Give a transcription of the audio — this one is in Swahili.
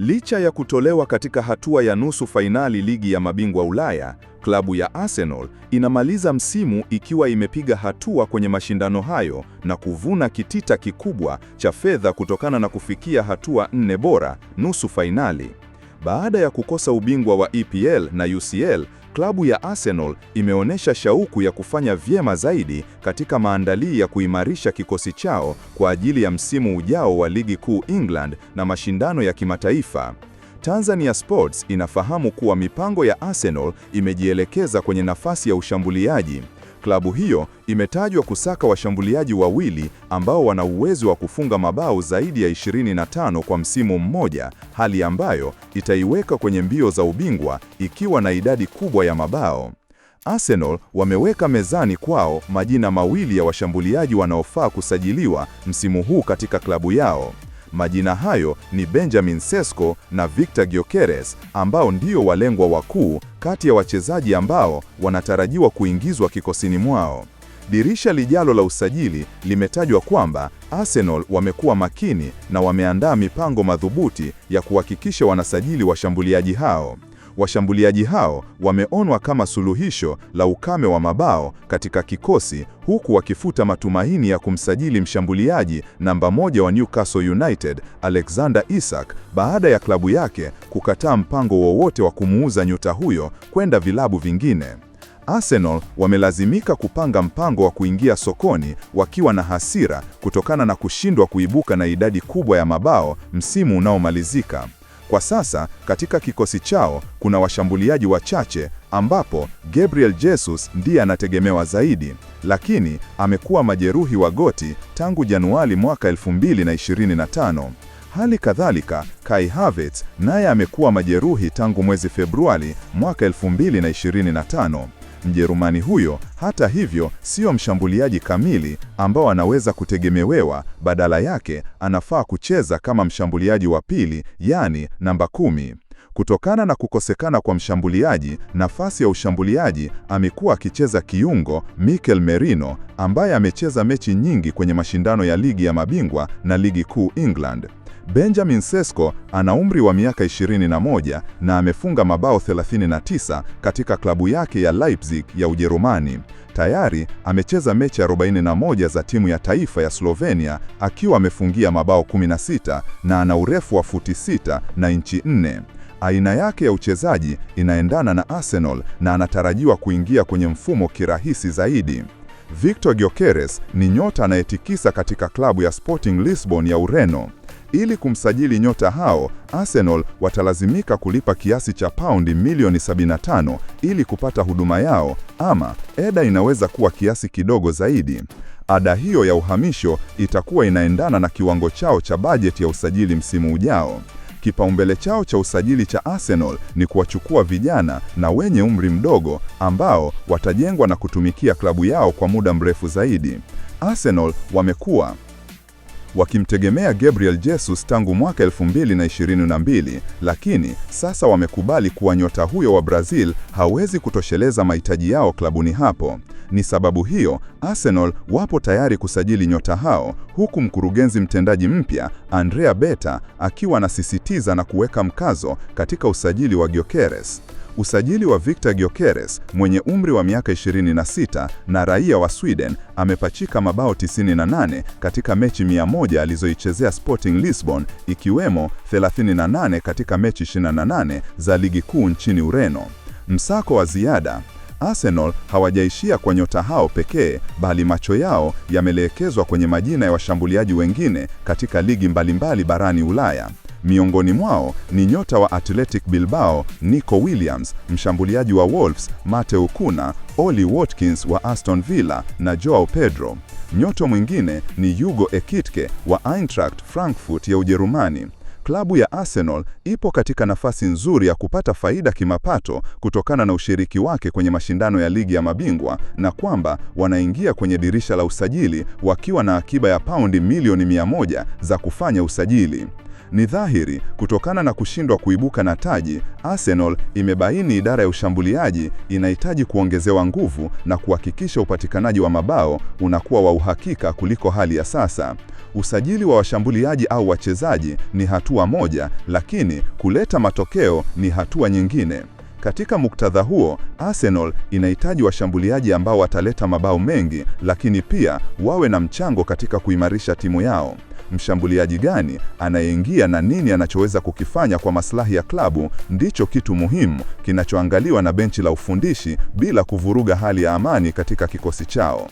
Licha ya kutolewa katika hatua ya nusu fainali ligi ya mabingwa Ulaya, klabu ya Arsenal inamaliza msimu ikiwa imepiga hatua kwenye mashindano hayo na kuvuna kitita kikubwa cha fedha kutokana na kufikia hatua nne bora, nusu fainali. Baada ya kukosa ubingwa wa EPL na UCL klabu ya Arsenal imeonyesha shauku ya kufanya vyema zaidi katika maandalii ya kuimarisha kikosi chao kwa ajili ya msimu ujao wa Ligi Kuu England na mashindano ya kimataifa. Tanzania Sports inafahamu kuwa mipango ya Arsenal imejielekeza kwenye nafasi ya ushambuliaji. Klabu hiyo imetajwa kusaka washambuliaji wawili ambao wana uwezo wa kufunga mabao zaidi ya 25 kwa msimu mmoja, hali ambayo itaiweka kwenye mbio za ubingwa ikiwa na idadi kubwa ya mabao. Arsenal wameweka mezani kwao majina mawili ya washambuliaji wanaofaa kusajiliwa msimu huu katika klabu yao. Majina hayo ni Benjamin Sesko na Victor Gyokeres ambao ndio walengwa wakuu kati ya wachezaji ambao wanatarajiwa kuingizwa kikosini mwao. Dirisha lijalo la usajili limetajwa kwamba Arsenal wamekuwa makini na wameandaa mipango madhubuti ya kuhakikisha wanasajili washambuliaji hao. Washambuliaji hao wameonwa kama suluhisho la ukame wa mabao katika kikosi, huku wakifuta matumaini ya kumsajili mshambuliaji namba moja wa Newcastle United, Alexander Isak, baada ya klabu yake kukataa mpango wowote wa kumuuza nyota huyo kwenda vilabu vingine. Arsenal wamelazimika kupanga mpango wa kuingia sokoni wakiwa na hasira kutokana na kushindwa kuibuka na idadi kubwa ya mabao msimu unaomalizika. Kwa sasa katika kikosi chao kuna washambuliaji wachache ambapo Gabriel Jesus ndiye anategemewa zaidi, lakini amekuwa majeruhi wa goti tangu Januari mwaka 2025. Hali kadhalika Kai Havertz naye amekuwa majeruhi tangu mwezi Februari mwaka 2025. Mjerumani huyo hata hivyo siyo mshambuliaji kamili ambao anaweza kutegemewewa, badala yake anafaa kucheza kama mshambuliaji wa pili, yani namba kumi. Kutokana na kukosekana kwa mshambuliaji nafasi ya ushambuliaji, amekuwa akicheza kiungo Mikel Merino ambaye amecheza mechi nyingi kwenye mashindano ya ligi ya mabingwa na ligi kuu England. Benjamin Sesko ana umri wa miaka 21 na amefunga mabao 39 katika klabu yake ya Leipzig ya Ujerumani. Tayari amecheza mechi 41 za timu ya taifa ya Slovenia akiwa amefungia mabao 16 na ana urefu wa futi 6 na inchi 4. Aina yake ya uchezaji inaendana na Arsenal na anatarajiwa kuingia kwenye mfumo kirahisi zaidi. Victor Gyokeres ni nyota anayetikisa katika klabu ya Sporting Lisbon ya Ureno. Ili kumsajili nyota hao, Arsenal watalazimika kulipa kiasi cha paundi milioni 75 ili kupata huduma yao, ama ada inaweza kuwa kiasi kidogo zaidi. Ada hiyo ya uhamisho itakuwa inaendana na kiwango chao cha bajeti ya usajili msimu ujao. Kipaumbele chao cha usajili cha Arsenal ni kuwachukua vijana na wenye umri mdogo ambao watajengwa na kutumikia klabu yao kwa muda mrefu zaidi. Arsenal wamekuwa wakimtegemea Gabriel Jesus tangu mwaka 2022, lakini sasa wamekubali kuwa nyota huyo wa Brazil hawezi kutosheleza mahitaji yao klabuni hapo. Ni sababu hiyo Arsenal wapo tayari kusajili nyota hao, huku mkurugenzi mtendaji mpya Andrea Beta akiwa anasisitiza na kuweka mkazo katika usajili wa Gyökeres. Usajili wa Victor Gyokeres mwenye umri wa miaka 26 na raia wa Sweden amepachika mabao 98 katika mechi 100 alizoichezea Sporting Lisbon, ikiwemo 38 katika mechi 28 za ligi kuu nchini Ureno. Msako wa ziada Arsenal hawajaishia kwa nyota hao pekee bali macho yao yamelekezwa kwenye majina ya washambuliaji wengine katika ligi mbalimbali barani Ulaya. Miongoni mwao ni nyota wa Athletic Bilbao Nico Williams, mshambuliaji wa Wolves Mateo Kuna, Oli Watkins wa Aston Villa na Joao Pedro. Nyota mwingine ni Yugo ekitke wa Eintracht Frankfurt ya Ujerumani. Klabu ya Arsenal ipo katika nafasi nzuri ya kupata faida kimapato kutokana na ushiriki wake kwenye mashindano ya ligi ya mabingwa na kwamba wanaingia kwenye dirisha la usajili wakiwa na akiba ya paundi milioni mia moja za kufanya usajili. Ni dhahiri kutokana na kushindwa kuibuka na taji, Arsenal imebaini idara ya ushambuliaji inahitaji kuongezewa nguvu na kuhakikisha upatikanaji wa mabao unakuwa wa uhakika kuliko hali ya sasa. Usajili wa washambuliaji au wachezaji ni hatua moja, lakini kuleta matokeo ni hatua nyingine. Katika muktadha huo, Arsenal inahitaji washambuliaji ambao wataleta mabao mengi, lakini pia wawe na mchango katika kuimarisha timu yao mshambuliaji gani anayeingia na nini anachoweza kukifanya kwa maslahi ya klabu ndicho kitu muhimu kinachoangaliwa na benchi la ufundishi bila kuvuruga hali ya amani katika kikosi chao.